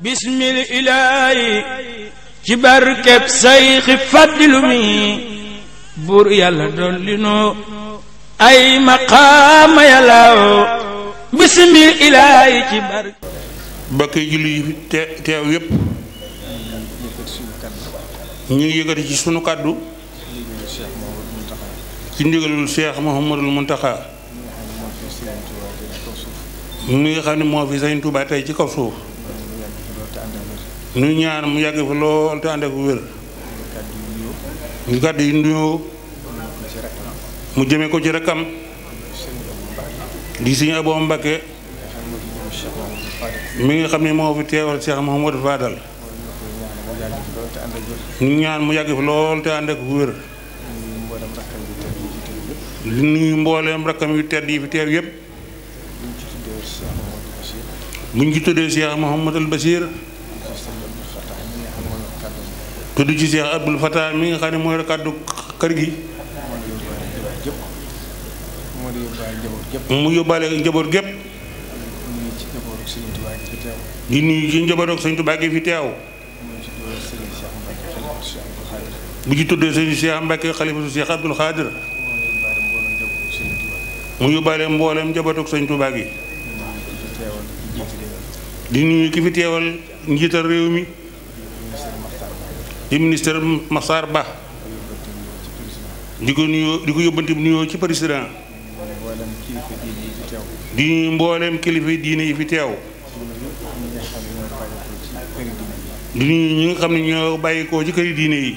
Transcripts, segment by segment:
bismil ilaahi ci barkeb sayxi fàddilu buur yàlla dolli nu ay maqaama yàlla bismil ilaahi julli teew yépp ñu ngi yëkkati ci sunu kàddu ci ndigalul Cheikh Mouhamadul Mountakha mi nga xam ne moo fi Sëriñ ci kaw suuf ñu ñaan mu yàgg fi lool te ànd ak ko ci rakkam di Sëriñ Abo Mbakke mi nga xam ne moo fi teewal Cheikh ñaan mu yàgg fi lool te ànd ak wér li nuyu mbooleem rakkam yu tedd yi fi teew yépp buñ ci tuddee Cheikh Mouhamadul Bachir tudd ci Cheikh Abdoul Fatah mi nga xam ne mooy yor kàddu kër gi mu yóbbaale njaboot gépp di nuyu ci njaboot ak Sëñ Tuubaa gi fi teew bu ci tuddee Sëñ Cheikh Mbacke xalifatu Cheikh Xaadir mu yóbbaale mboolem njaboot ak Sëñ Tuubaa di nuyu ki fi teewal njiital réew mi di ministre Massar Ba di ko nuyoo di ko yóbbante bu nuyoo ci président di nuyu mbooleem kilifa diine yi fi teew di nuyu ñi nga xam ne ñoo bàyyikoo ci këri diine yi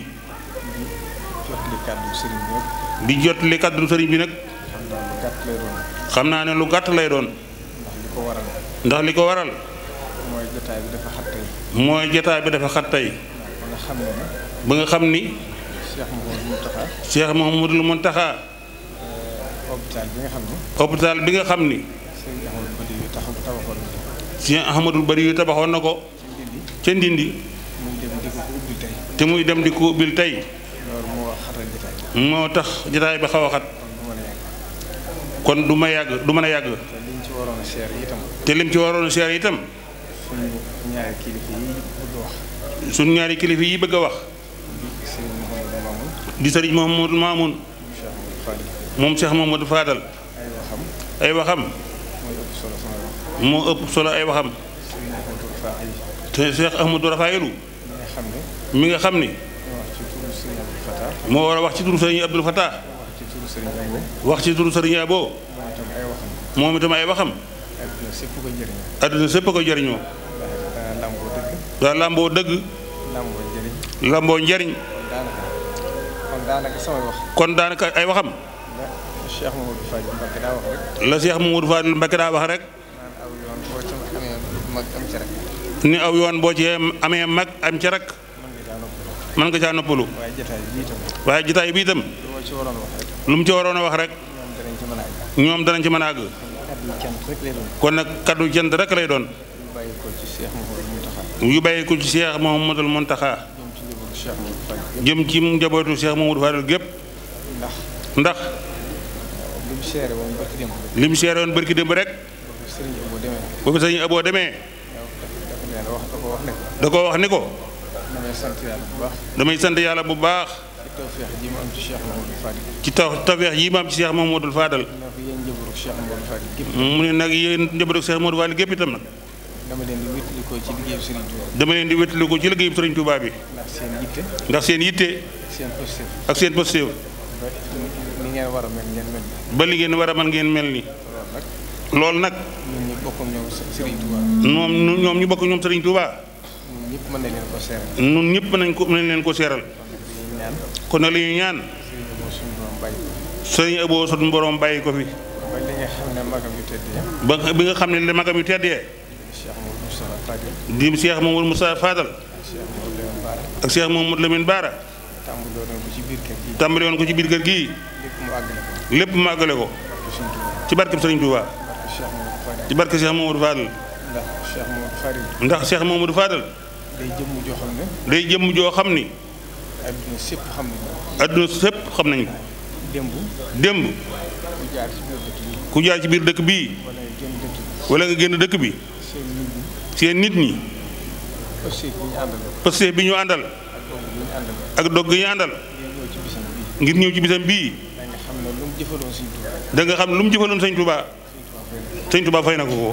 di jot li kàddu sëriñ bi nag xam naa ne lu gàtt lay doon ndax li ko waral mooy jotaay bi dafa xat tey. mooy jotaay bi dafa xat tey. ba nga xam ni. Cheikh Mouhamadou moom Cheikh Mouhamadou Mountakha. Euh, hôpital bi nga xam ni. hôpital bi nga xam ni. Cheikh Ahmadou Bari yu tabaxoon na ko. ca Ndindi. te muy dem di ko ubbil tey. moo tax jotaay bi xaw a xat. kon du ma yàgg du mën a yàgg. te lim ci waroon seer itam. suñu ñaari kilifa yi bëgg a wax. ñaari kilifa yi bëgg a wax. di sëriñ Mouhamadou Mamoun. moom Cheikh Mouhamadou Fadal. ay waxam. moo ëpp solo ay waxam. te Cheikh Ahmadou Rafaïlu. mi nga xam ne. moo war a wax ci turu sëriñ Abdoul Fatah. wax ci turu sëriñ Abo. moom itam ay waxam. àdduna sépp ko jariñoo daa làmboo dëgg. làmboo njëriñ. kon daanaka ay waxam. la Cheikh Mamadou Fadil Mbacke daa wax rek. la ni aw yoon boo ci amee mag am ci rek. mën nga caa noppalu. waaye jotaay bi itam. waaye jotaay bi itam. lu mu ci waroon a wax rek. ñoom danañ ci mën a kon nag kaddu jënd rek lay doon. yu bàyyeeku ci Cheikh Mouhamadul Mountakha jëm ci njabootu Cheikh Mouhamadou Fadal gépp ndax li mu seere woon barki démb rek ba fa sëñ Abo demee da ko wax ni ko damay sant yàlla bu baax ci taw tawfeex yi ma am ci Cheikh Mouhamadou Fadal mu ne nag yéen njabootu Cheikh Mouhamadou Fadal gépp itam na dama leen di wéttilikoo ci liggéeyu Serigne Touba. dama leen di wéttilikoo ci liggéeyu Serigne Touba bi. ndax seen yitte. ndax seen yitte. seen posture. ak seen posture. ba li war a mel ni. ba li ngeen war a man ngeen mel ni. loolu nag. ñoom ñu bokk ñoom Serigne Touba. moom ñoom ñu bokk ñoom Serigne Touba. ñun ñëpp mën nañ ko seeral. ñëpp nañ ko mën leen ko seeral. kon nag li ñuy ñaan. Serigne Abo suñu borom bàyyi ko fi. ba bi nga xam ne magam yu teddee. ba bi nga xam ne magam yu teddee. ndim Cheikh mu Moussa Fadal ak Cheikh Mamadou Lamine Baara tàmbali woon ko ci biir kër gi lépp mu àggale ko ci barkeb Sëriñ Touba ci barke Cheikh Mamadou Fadal ndax Cheikh Mamadou Fadal day jëmm joo xam ni adduna sépp xam nañ ko. adduna sépp xam nañ ko. démb. démb. ku jaar ci biir dëkk bii. ku nga génn dëkk bi. seen nit ñi. pëstéef bi ñu àndal. ak dogg ñu àndal. ngir ñëw ci bisam bii. da nga xam ne lu mu jëfaloon sëñ Touba. sëñ Touba fay na ko ko.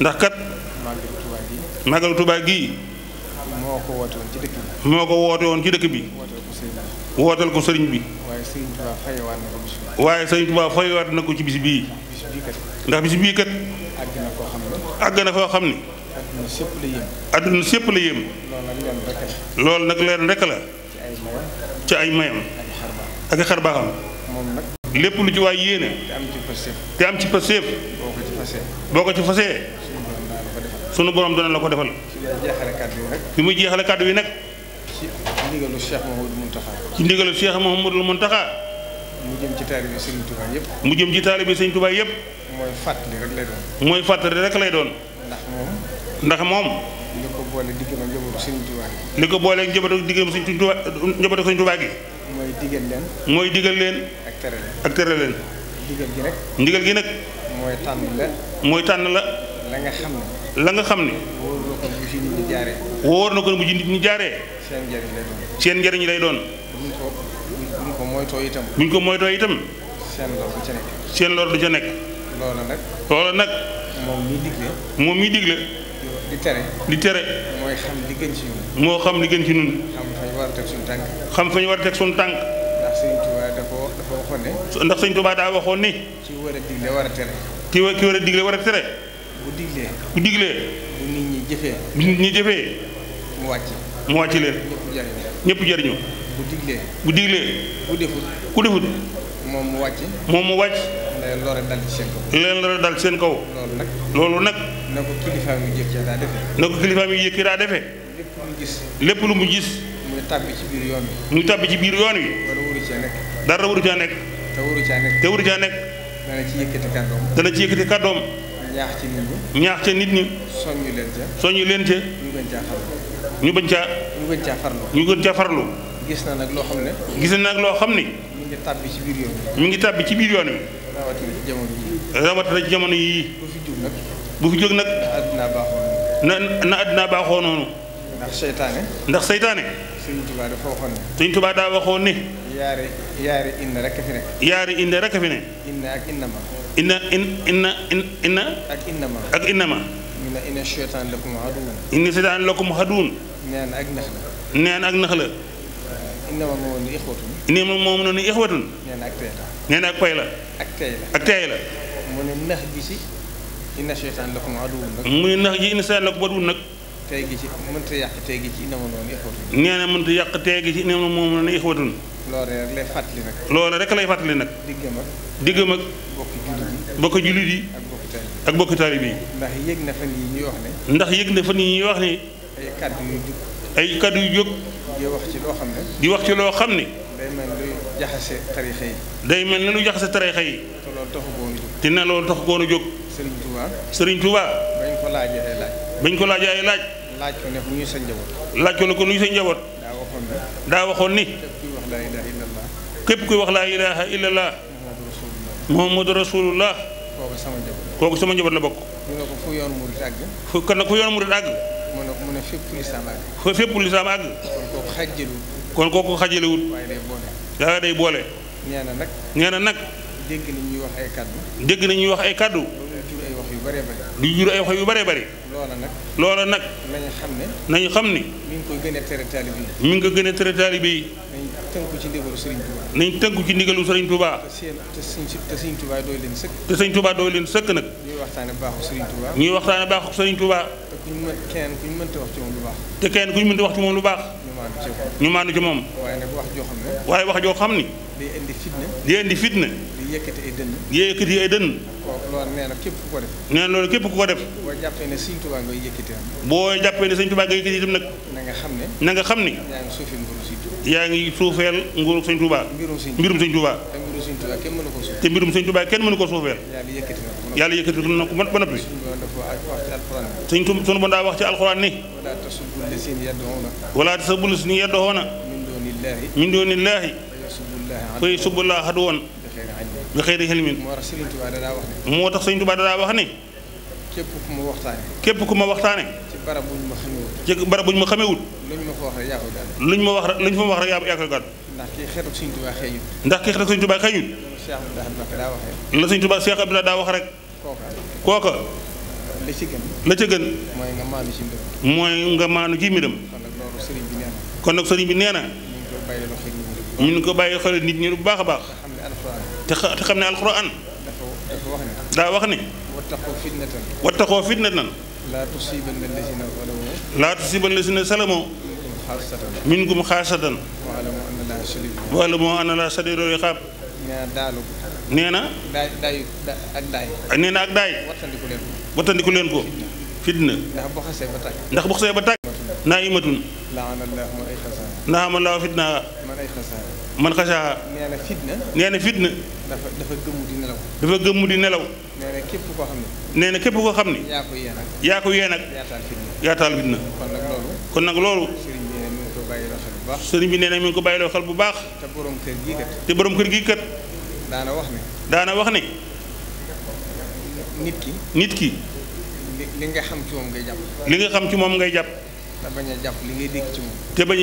ndax kat. màggalu Touba gii. moo ko woote woon ci dëkk bi. ko woote woon ci dëkk bi. wootal ko sëriñ bi. waaye sëriñ Touba fayewaat na ko ci bisi bii. ndax bis bii kat. àgg na foo xam ne. adduna sépp la yéem loolu nag leen rek la ci ay mayam ak xar baaxam lépp lu ci waay yéene te am ci pasteef boo ko ci fasee sunu borom dana la ko defal fi muy jeexale kàddu yi nag ci ndigalu Cheikh Mouhamadou Mountakha ci ndigalu Cheikh Mouhamadou Mountakha mu jëm ci taalibe Sëriñ Tuubaa yëpp mu jëm ci taalibe Sëriñ Tuubaa yëpp mooy fàttali rek lay doon fàttali rek lay doon ndax moom. li ko boole diggam ak njabootu Sëriñ Tuubaa gi. li ko boole njabootu diggam Sëriñ Tuubaa njabootu Sëriñ gi. mooy digal leen. mooy digal leen. ak tere leen leen. ndigal gi nag. ndigal gi nag. mooy tànn la. mooy tànn la. la nga xam ne. la nga xam ne. wóor na ko bu ci nit ñi jaaree. jaaree. seen njëriñ lay doon. seen lay doon. ko bu ñu ko itam. bu ñu ko moytoo itam. seen lor seen lor du ca nekk. loola nag. loola nag. moom miy digle. digle. di tere. di tere. mooy xam li gën ci ñun. moo xam li gën ci ñun. xam fa ñu war a teg suñu tànk. xam fa ñu war a teg suñu tànk. ndax sëñ Tuba dafa dafa waxoon ne. ndax sëñ Tuba daa waxoon ne. ki war a digle war a tere. ki wa ki war a digle war a tere. bu diglee. bu diglee. bu nit ñi jëfee. bu nit ñi jëfee. mu wàcc. mu wàcc leen. ñëpp jariñu. ñëpp jariñu. bu diglee. bu diglee. ku defut. moom mu wàcc. moom mu wàcc. leen lore dal ci seen kaw. leen lore dal ci seen kaw. loolu nag. loolu nag. na ko kilifaam yu jëkk yi daa defee. na ko kilifaam yu jëkk yi daa defee. lépp lu mu gis. lépp lu mu gis. tàbbi ci biir yoon wi. muy tàbbi ci biir yoon wi. dara wuru caa nekk. dara wuru caa nekk. te wuru caa nekk. te wuru caa nekk. dana ci yëkkati kàddoom. dana ci yëkkati kàddoom. ñaax ci nit ñi. ñaax nit ñi. soññu leen ca. soññu leen ca. ñu bañ caa farlu. ñu bañ caa farlu. ñu gën caa farlu. gis na nag loo xam ne. gis na nag loo xam ni ngi tàbbi ci biir yoon mi ngi tàbbi ci biir yoon mi rawatina ci yii bu fi jóg nag bu fi na na ndax seytaane ndax seytaane Sëriñ Tuubaa dafa waxoon ne Sëriñ Tuubaa daa waxoon ne yaari yaari inna rek fi in inna inna ak innama ak innama ñu ne inna innamal mu'minuuna ixwatun. innamal mu'minuuna ixwatun. ak la. nee pay la. ak tey la mu ne nax gi si. inna seytaan lakum aduwwun nag. mu ne nax gi inna seytaan lakum aduwwun nag. tey gi ci mënta yàq tey gi ci innamal mu'minuuna ixwatun. nee na mënta yàq tey gi ci innamal mu'minuuna ixwatun. loolee rek lay fàttali nag. loolee rek lay fàttali nag. diggam ak. diggam ak. bokk jullit yi. bokk ak bokk taalibe yi. ndax yëg na fan yii ñuy wax ne. ndax yëg na fan yii ñuy wax ne. ay kaddu yu jóg. di wax ci loo xam ne. di wax ci loo xam ne. day mel ni luy jaxase tariixa yi. day mel ni lu jaxase tariixa yi. te loolu taxu goon a jóg. te ne loolu taxu goon a jóg. Serigne Touba. Serigne Touba. bañ ko laajee ay laaj. ko laajee ay laaj. ko ne ku sa njaboot. laaj ko ne ku ñuy sa njaboot. daa waxoon ni. daa waxoon ni. képp kuy wax laa ilaaha illallah. képp kuy wax laa ilaaha illallah. Muhammadu Rasulullah. kooku sama njaboot. kooku la bokk. ñu ne ko fu yoonu murid àgg. mu ne mu ne fépp lislaam àgg. fépp lislaam àgg. kon kooku xajalewut. waaye day boole. waaye day nee na nag. nee nag. dégg na ñuy wax ay kaddu. dégg na ñuy wax ay kaddu. du jur ay wax yu bëree bëri. loola nag. loola nag. nañu xam ne. nañu xam ni. mi ngi koy gën a tere taalibe yi. mi ngi ko gën a tere taalibe yi. nañ tënku ci ndigalu Serigne Touba. nañ tënku ci ndigalu Serigne Touba. te seen te Serigne Touba dooy leen sëkk. te Serigne Touba dooy leen sëkk nag. ñuy waxtaane baaxu Serigne Touba. ñuy waxtaane baaxu ku ñu mën kenn ku ñu mënti wax ci moom lu baax. ñu mënti ci moom waaye wax joo xam ni. di indi fitna. di indi fitna. di yëkkati ay dënn. di yëkkati ay dënn. loolu nee na képp ku ko def. nee na loolu képp ku ko boo jàppee ne sëñ Tuubaa ngay yëkkati am. nag. na nga xam ne. na nga xam ni. yaa ngi suufeel nguuru sëñ Tuubaa. yaa Tuubaa. mbirum sëñ Tuubaa. te mbirum sëñ Tuubaa kenn mënu ko suufeel yàlla yëkkati na ko ba noppi sëñ tu sunu bon daa wax ci alxuraan ni wala tasubul si ni yaddoxoona min doonillaahi fa yasubullaaha aduwan bi xeyri xilmin moo tax sëñ Tuubaa dadaa wax ni képp ku ma waxtaane képp ku ma waxtaane ci barab buñ ma ma xamewut luñ ma wax rek yaa ma wax rek yaa koy gàddu ndax ki xeetu Sëñ Tuubaa xëyut. ndax ki xeetu Sëñ Tuubaa xëyut. la Sëñ Tuubaa Cheikh Abdoulaye daa wax rek. kooka. la ci gën. la ci gën. mooy nga maanu ci mbiram. mooy nga maanu ci mbiram. kon nag sëriñ bi nee na. ñu ngi ko bàyyi xel nit ñi bu baax a baax. te xam ne alxuraan. daa wax ne. wattaqoo fitnatan. wattaqoo fitnatan. laa tusiibanna allaziina zalamoo. laa tusiibanna allaziina zalamoo. minkum xaasatan. wala moo ana la sadiru riqab nee na daay ak daay nee na ak daay wattandiku leen ko fitna ndax boo xasee ba tàkk ndax bu xasee ba tàkk naa imatun ndax man laa fitna man xasaa nee na fitna na fitna dafa dafa gëmmu di nelaw dafa gëmmu di nelaw nee képp koo xam ne na képp koo xam ne yaa ko yee nag yaataal fitna kon nag loolu baax sëriñ bi nee na mi ngi ko bàyyiloo xel bu baax. te borom kër gii kat. te borom kër gii kat. daana wax ne. daana wax ne. nit ki. nit ki. li li nga xam ci moom ngay jàpp. li nga xam ci moom ngay jàpp. bañ a jàpp li ngay dégg ci te bañ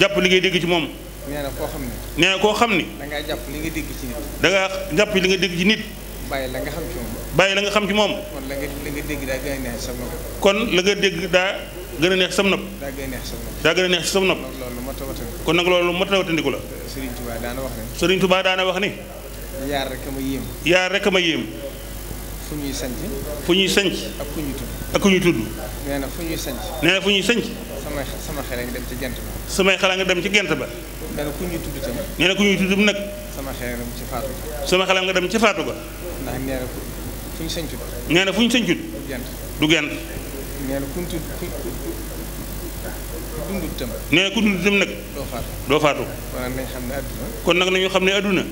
jàpp li ngay dégg ci moom. nee na koo xam ne. nee koo xam ne. da jàpp li nga dégg ci nit. da jàpp li nga dégg ci nit. bàyyi la nga xam ci moom. la nga xam ci moom. kon la nga dégg daa gën kon la nga dégg daa gën a neex sam nopp daa gën a neex sam nopp daa gën a neex sam nopp kon nag loolu mat a watandiku la Sëriñ Tuubaa daana wax ne Sëriñ Tuubaa daana wax ni yaar rek rek ma yéem fu ñuy sanc fu ñuy sanc ak ku ak ku ñuy tudd nee fu ñuy sanc nee fu ñuy sanc samay sama xel a ci gent ba samay nga dem ci gent ba nee na ku ñuy tudd tam nee ku ñuy nag sama xel a nga dem ci faatu ba sama nga dem ci faatu ba ndax nee na fu ñu sancut nee fu ñu sancut du gent nee na ku tudd ku dund itam. nee na ku nag. doo faatu doo faatu. kon nag nañu xam ne adduna. kon nag nañu xam ne adduna.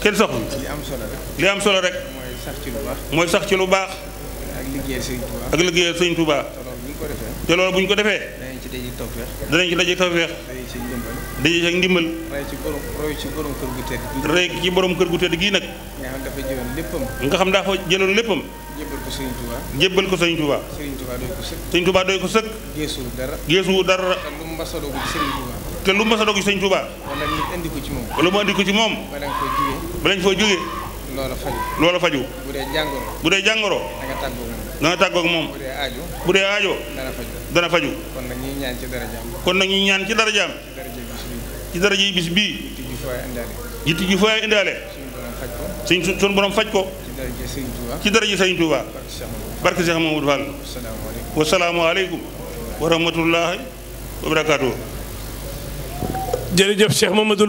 kenn soxla kenn soxla. li am solo rek. li am solo rek. mooy sax ci lu baax. mooy sax ci lu baax. ak liggéeyal sëñ Touba. ak liggéeyal sëñ Touba. te loolu bu ñu ko defee. danañ ci daje tawfeex. danañ ci daje tawfeex. daje ci ndimbal. daje ci ndimbal. roy ci borom roy ci borom kër gu tedd gii. roy ci borom kër gu tedd gii nag. nga xam dafa jëloon léppam. nga xam dafa jëloon léppam. jébbal ko sëñ Touba. ko sëñ Touba doy ko sëkk. sëñ Touba doy ko sëkk. geesuwu dara geesuwu dara. te lu mu mës a doog ci sëñ Touba. te lu mu mës a doog ci sëñ Touba. wala nit andi ko ci moom. wala mu andi ko ci moom. bala nga foo jógee. bala nga foo jógee. loola faju loola faju bu dee jàngoro. bu dee jàngoro. danga tàggoog moom. danga tàggoog moom. bu dee aajo. bu dee aajo. dana faju dana faju kon nag ñuy ñaan ci darajaam. kon nag ñuy ñaan ci darajaam. ci daraja yi bis bii. yitti ji fooy indaale. suñ borom faj ko. ci daraja Sëriñ Tuuba. ci daraja Sëriñ Tuuba. barke Cheikh Mamadou Fall wasalaamualeykum wa rahmatullahi wa barakaatu. jërëjëf Cheikh Mamadou.